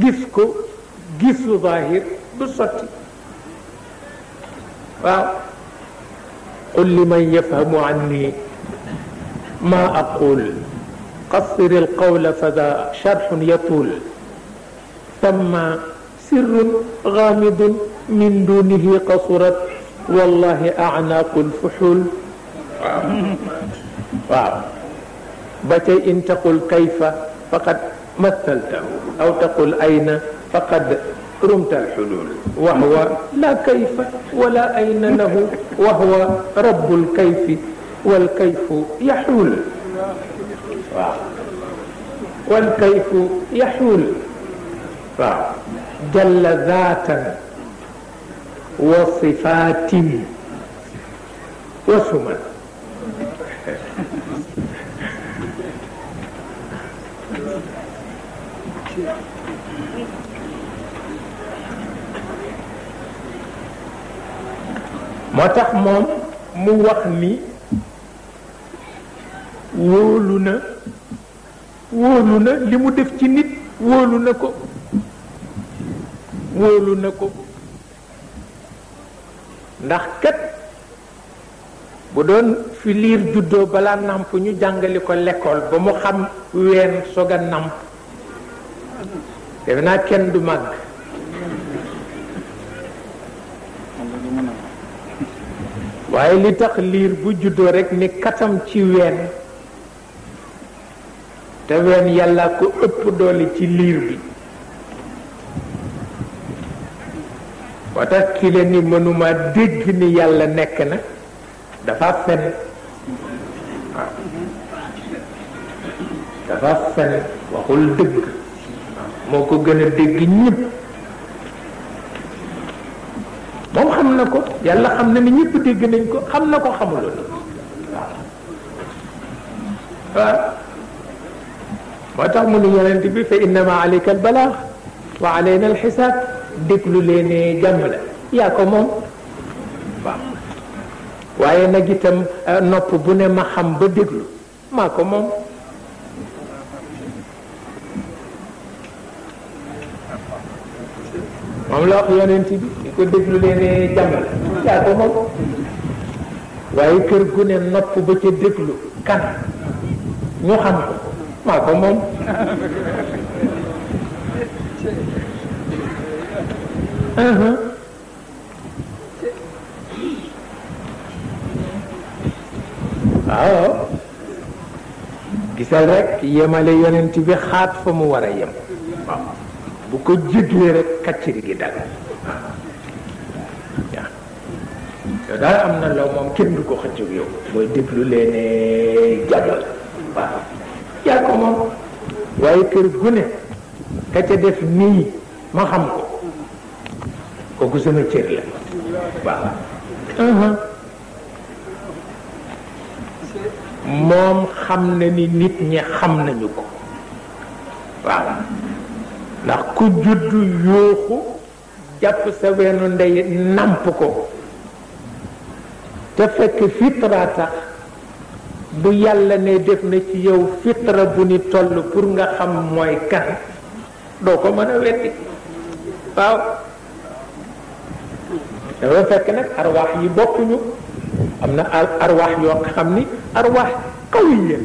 gis ko gisu zahir du sotti waaw qul liman yafhamu anni ma aqul qassir alqawla fada sharxun yatul tamma sirrun gaamidun min dunihi qasurat wallahi acnaaqun fuxul waaw waaw ba tey in taqul kayfa faqad mathaltahu aw taqul ayna faqad rumta alxulul wa huwa la kayfa wala ayna lahu wa huwa rabbul kayfi wal kayfu yaxuul waaw wal kayfu yaxuul waaw jalla zaatan wa sifaatin wa suman moo tax moom mu wax ni wóolu na wóolu na li mu def ci nit wóolu na ko wóolu na ko ndax kat bu doon fi liir juddoo balaa nàmp ñu jàngale ko lekkool ba mu xam ween soog a nàmp defe naa kenn du màgg waaye li tax liir bu juddoo rekk ni katam ci ween te ween yàlla ko ëpp doole ci liir bi moo tax ki leen ni mënuma dégg ni yàlla nekk na dafa fen dafa fen waxul dëgg moo ko gën a dégg ñëpp moom xam na ko yàlla xam na ni ñëpp dégg nañ ko xam na ko xamuloon waaw moo tax mu ni yonent bi fa innama alayka al balaax wa alayna al xisaab déglu leen jàmm la yaa ko moom waaye nag itam nopp bu ne ma xam ba déglu maa ko moom moom la wax yonent bi di ko déglu leen jàngal yaa ko moom waaye kër gu ne nopp ba ca déglu kan ñu xam ko maa ko moom uh-huh. waaw gisal rek yemale yonent bi xaat fa mu war a yem bu ko jéglee rek kacciri gi dal yow daal am na law moom kenn du ko xëccu yow booy déglu leene jàllal waaw yaa ko moom waaye kër gu ne ka ca def nii ma xam ko kooku sama cër la waaw uh-huh. moom xam na ni nit ñi xam nañu ko waaw ndax ku judd yuuxu jàpp sa weenu ndey namp ko te fekk fitra bu yàlla ne def na ci yow fitra bu ni toll pour nga xam mooy kan doo ko mën a weddi waaw dafa fekk nag arwaax yi bokkuñu am na arwaax yoo xam ni arwaax xaw yi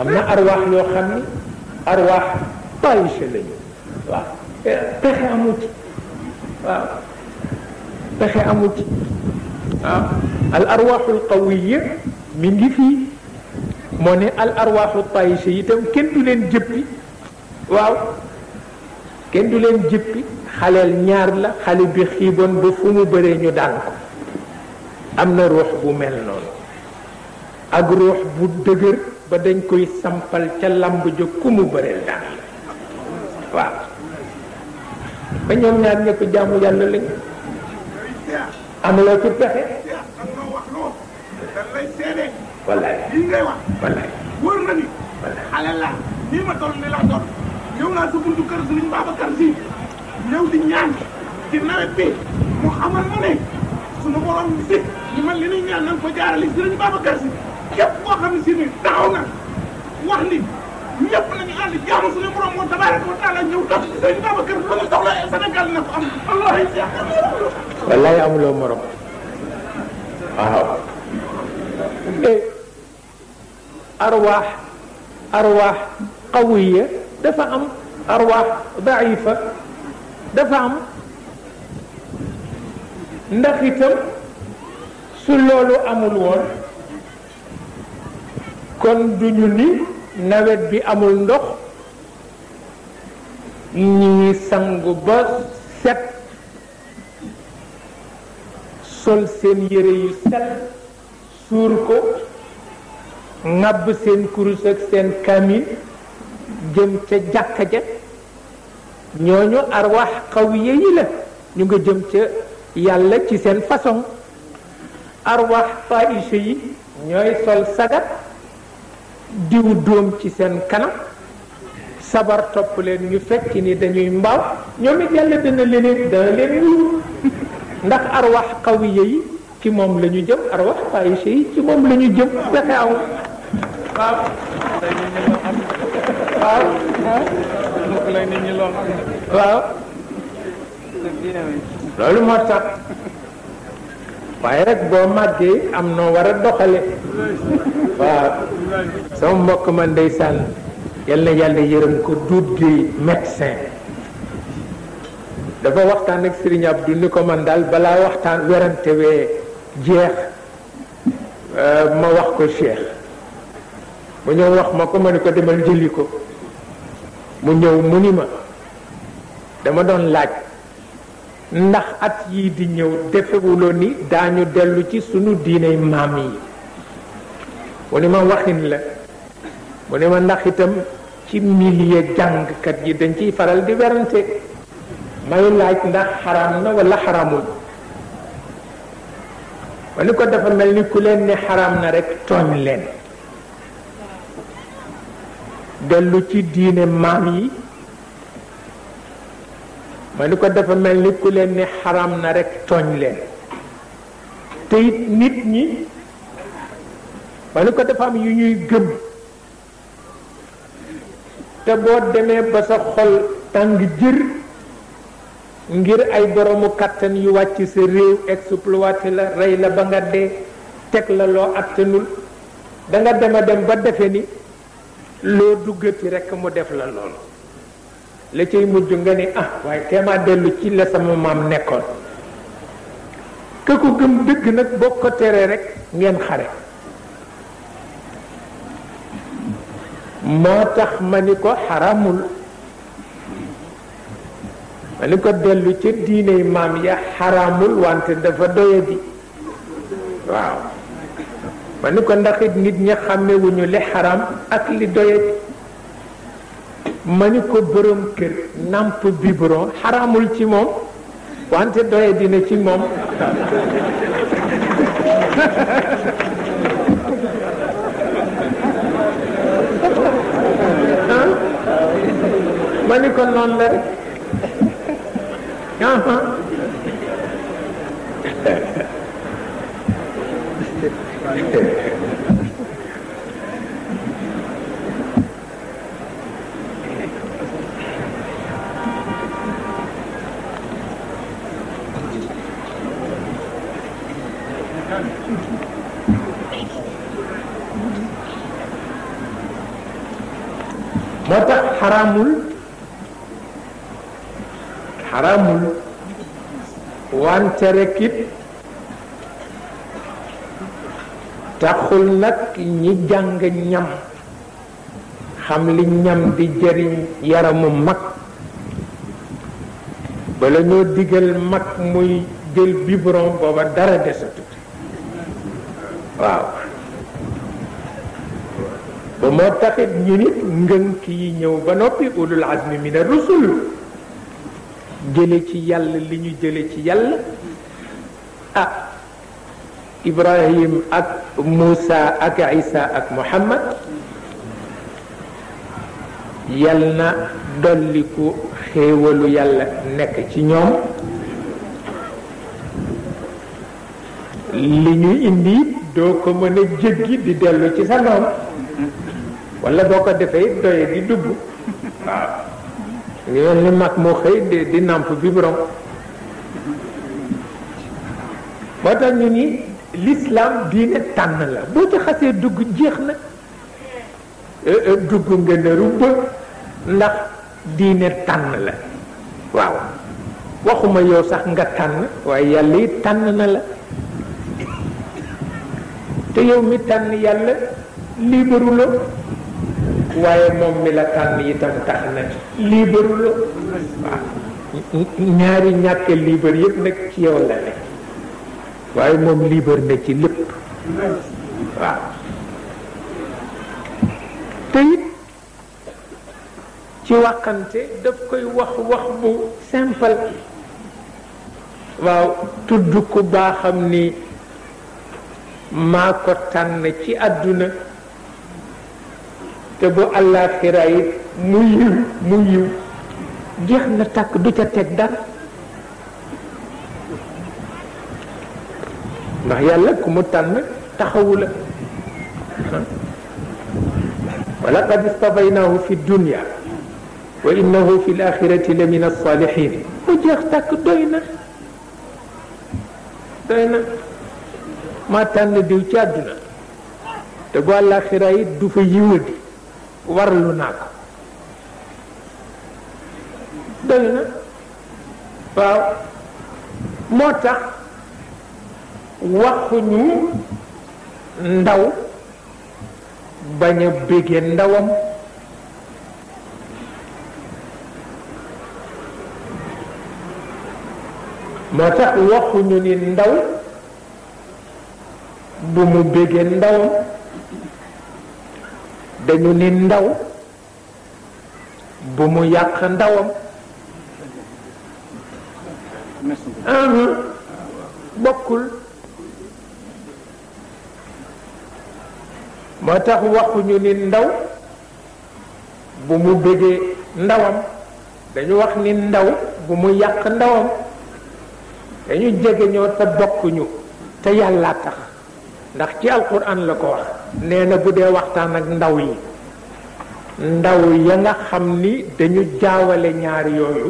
am na arwaax yoo xam ni arwaax paise lañu waaw pexe amu waaw pexe amu waaw al arwaxul qawiya mi ngi fii moo ne al arwaxu paise itam kenn du leen jëppi waaw kenn du leen jëppi xaleel ñaar la xale bi xiiboon ba fu mu baree ñu daan ko am na ruux bu mel noonu ak ruux bu dëgër ba dañ koy sampal ca lamb ja ku mu bëreel daan waaw ba ñoom ñaar ñëpp jaamu yàlla lañ amuloo ci pexe wallaay wallaay wóor na ni xale la nii ma toll ni laa toll ñëw naa sa buntu kër Sëriñ Babacar Si ñëw di ñaan ci nawet bi mu xamal mu ne sunu borom bi si ñu man li nuy ñaan nañ ko jaarale Sëriñ Babacar Si képp koo xam si ni taxaw na wax ni ñëpp nañu ànd jaamu suñu borom moom waaw e arwaax arwaax qawiya dafa am arwaax daifa su loolu amul woon kon duñu ni nawet bi amul ndox ñi sangu ba set sol seen yére yu set suur ko ŋàbb seen kurus ak seen kamin jëm ca jàkka ja ñooñu arwaax xawiye yi la ñu nga jëm ca yàlla ci seen façon arwaax faïche yi ñooy sol sagat diw dóom ci seen kanam sabar topp leen ñu fekk ni dañuy mbaaw ñoom it yàlla dana leen dana leen wuur ndax arwax qawiya yi ci moom lañu jëm arwax faayise yi ci moom la jëm pexe amul waaw waaw loolu moo tax waaye rek boo màggee am noo war a doxale waaw sama mbokk ma ndeysaan yal na yàlla yërëm ko duut gi médecin dafa waxtaan ak Serigne Abdou ni ko man daal balaa waxtaan werante wee jeex euh, ma wax ko Cheikh mu ñëw wax ma ko ma ni ko demal jëli ko mu ñëw mu ni ma dama doon laaj ndax at yii di ñëw defewuloo ni daañu dellu ci sunu diiney maam yi mu ni ma waxin la mu ni ma ndax itam ci millier jàngkat yi dañ ciy faral di werante may laaj ndax xaraam na wala xaraamul ma ni ko dafa mel ni ku leen ni xaram na rekk tooñ leen dellu ci diine maam yi ma ni ko defa mel ni ku leen ni xaram na rekk tooñ leen te nit ñi ma ni ko dafa am yu ñuy gëm te boo demee ba sa xol tàng jër ngir ay boroomu kàttan yu wàcc sa réew exploité la rey la ba nga dee teg la loo attanul danga nga dema dem ba defe ni loo duggati rekk mu def la loolu la cay mujj nga ni ah waaye teema dellu ci la sama maam nekkoon ka ko gëm dëgg nag boo ko teree rek ngeen xare moo tax ma ni ko xaramul ma ni ko dellu ca diiney maam ya xaramul wante dafa doyadi waaw ma ni ko ndax it nit ñi xàmmewuñu li xaram ak li doyadi ma ni ko borom kër namp biberon xaraamul ci moom wante doye dina ci moom ma ni ko noonu la rek moo tax xaraamul xaraamul wante rek taxul nag ñi jàng ñam xam li ñam di jëriñ yaramu mag bala ñoo digal mag muy jël biberon booba dara desatut waaw ba moo taxit ñu nit ngënk yi ñëw ba noppi ulul azmi min ar-rusul jële ci yàlla li ñu jële ci yàlla ah Ibrahim ak Moussa ak Isa ak Muhammad yal na dolliku xéewalu yàlla nekk ci ñoom li ñu indi doo ko mën a di dellu ci sa noom walla boo ko defee doye di dugg waaw ngi mel ni mag moo xëy di di nàmp biberon moo tax ñu ni l'islam diine tànn la boo ci xasee dugg jeex na e, e, dugg nga ne rubb ndax diine tànn la waaw waxuma yow sax nga tànn waaye yàlla yi tànn na la te yow mi tànn yàlla liibaru waaye moom mi la tànn itam tax na liibaru la waaw ñaari ñàkk liibar yëpp nag ci yow la ne waaye moom liibar na ci lépp waaw te ci waxante daf koy wax wax bu simple waaw tudd ku baaxam ni maa ko tànn ci àdduna te bu àllaaxira mu yiw mu yiw jeex na tàkk du ca teg dara ndax yàlla ku mu tànn taxawu la wa laqad istafaynaahu fi dunya wa innahu fi l-axirati la min as mu jeex tàkk doy na doy na maa tànn diw ci àdduna te bu àllaaxira du fa yiwadi warlu naa ko doy na waaw moo tax waxuñu ndaw bañ a béggee ndawam moo tax waxuñu ni ndaw bu mu béggee ndawam dañu ni ndaw bu mu yàq ndawam bokkul moo tax waxuñu ni ndaw bu mu bëggee ndawam dañu wax ni ndaw bu mu yàq ndawam dañu jege ñoo te bokkuñu te yàlla tax ndax ci alquran la ko wax nee na bu dee waxtaan ak ndaw yi ndaw ya nga xam ni dañu jaawale ñaar yooyu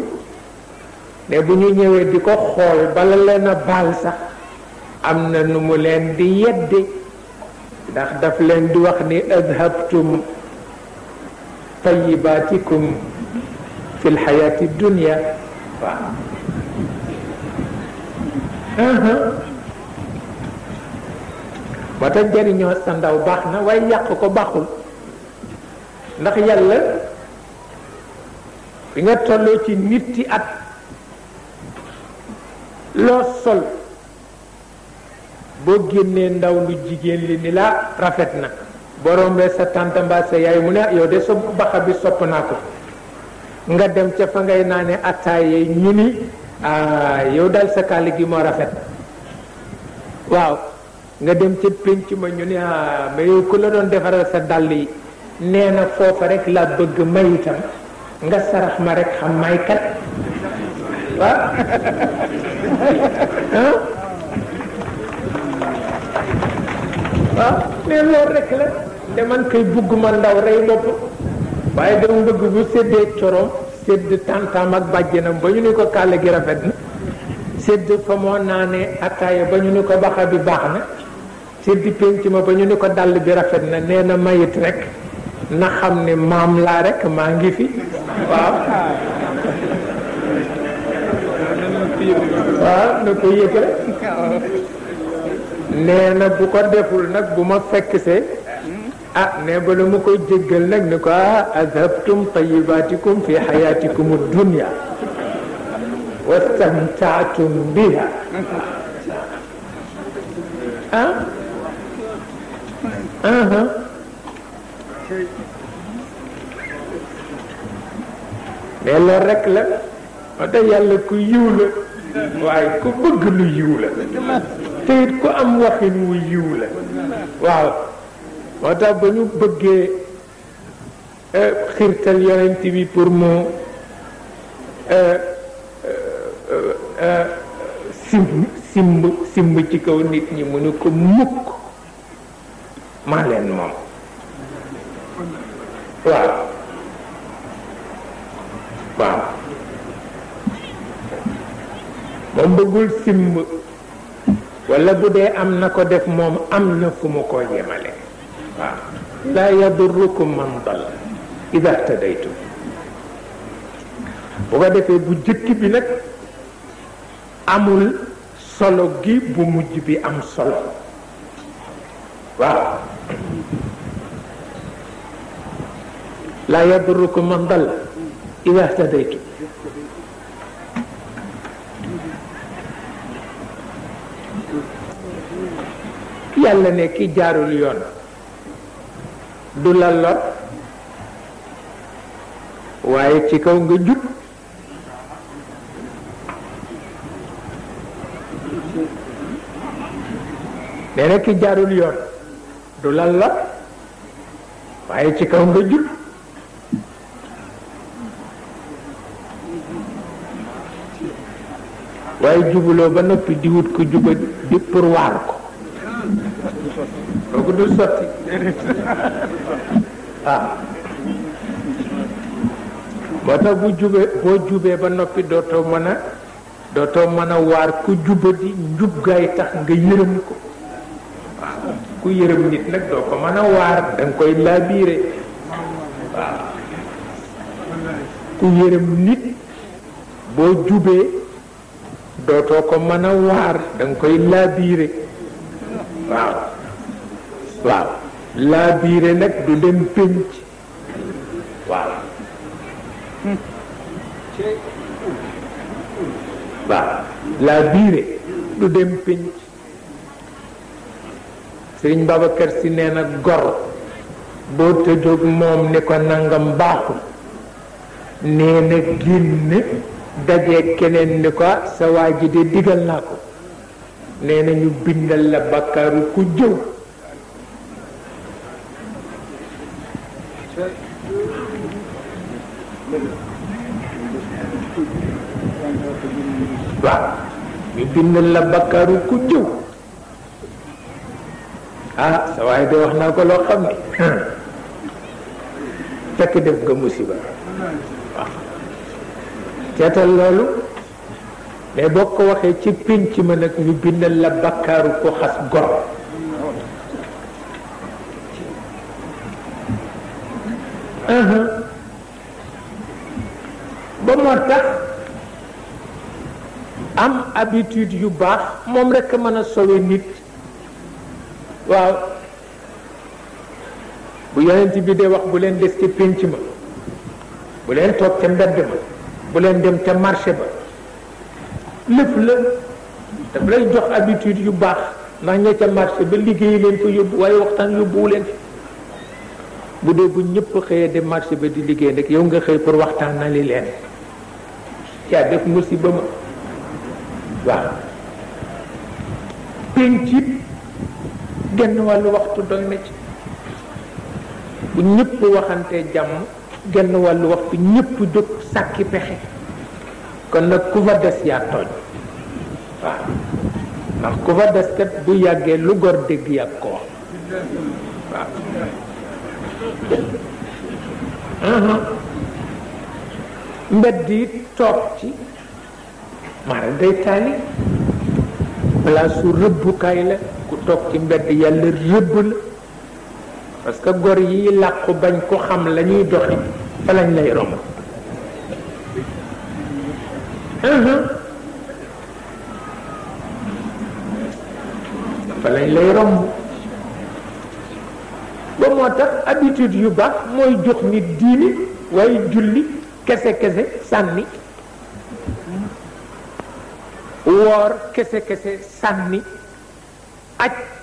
ne bu ñu ñëwee di ko xool bala leen a baal sax am na nu mu leen di yedde ndax daf leen di wax ni adhabtum tayibaatikum fi lxayaati dunia waaw moo tax jariñoo sa ndaw baax na waaye yàq ko baaxul ndax yàlla bi nga tolloo ci nit ci at loo sol boo génnee ndaw lu jigéen li ni laa rafet na boo rombee sa tànta mbaa sa yaay mu ne yow de sa baxa bi sopp naa ko nga dem ca fa ngay naane attaaye ñu ni yow dal sa kàll gi moo rafet waaw nga dem ca pénc ma ñu ne ah mais ku la doon defaral sa dàll yi nee na foofa rek la bëgg may itam nga sarax ma rek xam may kat waaw ah waaw ah? ah? mais loolu rek la de man koy bugguma ndaw rey bopp waaye dama bëgg bu séddee corom sédd tantam ak bàjjenam ba ñu ne ko kàlle gi rafet na sédd fa naa naanee ataaya ba ñu ne ko baxa bi baax na séddi penc ma ba ñu ni ko dàll bi rafet na nee na mayit rek na xam ne maam laa rek maa ngi fi waaw waaw na ko yëg rek nee bu ko deful nag bu ma fekk see ah ne ba mu koy jéggal nag ni ko ah azhabtum tayibaatikum fi xayaatikum dunya wastamtaatum biha ah mais uh-huh. loolu rek la ba tey yàlla ku yiw la waaye ku bëgg lu yiw la te it ku am waxin wu yiw la waaw moo tax ba ñu bëggee eh, xirtal yonent bi pour mu eh, eh, simb simb simb ci kaw nit ñi mënu ko mukk maa leen moom waaw waaw moom bëggul simb wala bu dee am na ko def moom am na fu mu ko yemale waaw laa yadurrukum man dal ida htadaytum bu ko defee bu jëkk bi nag amul solo gi bu mujj bi am solo waaw laa yadurrukum man dalla idaa htadaytum yàlla ne ki jaarul yoon du la lor waaye ci kaw nga jub nee ki jaarul yoon du lal la waaye ci kaw nga jub waaye jubuloo ba noppi di wut ko juba di pour waar ko kooku du sotti waaw ah. moo tax bu jubee boo jubee ba noppi dootoo mën a dootoo mën a waar ku juba di njub gaay tax nga yërëm ko ku yërëm nit nag doo ko mën a waar da nga koy laabiire waaw ku yërëm nit boo jubee dootoo ko mën a waar da nga koy laabiire waaw waaw laabiire nag du dem pénc waaw waaw laabiire du dem pénc sëriñ Babacar si nee na gor boo tëddoog moom ni ko nangam baaxul nee na génn daje keneen ni ko ah, sa waa ji de digal naa ko nee na ñu bindal la bakkaaru ku jëw waaw ñu bindal la bakkaaru ku jëw ah sa waaye de wax naa ko loo xam ni fekk def nga musiba waaw loolu mais boo ko waxee ci pinc ma nag ñu bind la bakkaaru ko xas gor ba moo tax am habitude yu baax moom rekk mën a sowe nit waaw bu yonent bi dee wax bu leen des ca pénc ma bu leen toog ca mbedd ma bu leen dem ca marché ba lépp la daf lay jox habitude yu baax ndax ña ca marché ba liggéey leen fa yóbbu waaye waxtaan yóbbuwu leen bu dee bu ñëpp xëyee dem marché ba di liggéey nag yow nga xëy pour waxtaan na li leen yaa def musiba ma waaw pénc genn wàllu waxtu doy na ci bu ñëpp waxantee jàmm genn wàllu waxtu ñëpp jóg sàkki pexe kon nag ku fa des yaa tooñ waaw ndax ku fa des kat bu yàggee lu gor dégg yàgg ko wax waaw mbedd yi toog ci mara day taali place rëbbukaay la ku toog ci mbedd yàlla rëbb la parce que gor yi làqu bañ koo xam la ñuy doxi fa uh-huh. lay romb ba moo tax habitude yu baax mooy jox nit diini waaye julli kese kese sànni woor kese kese sànni aj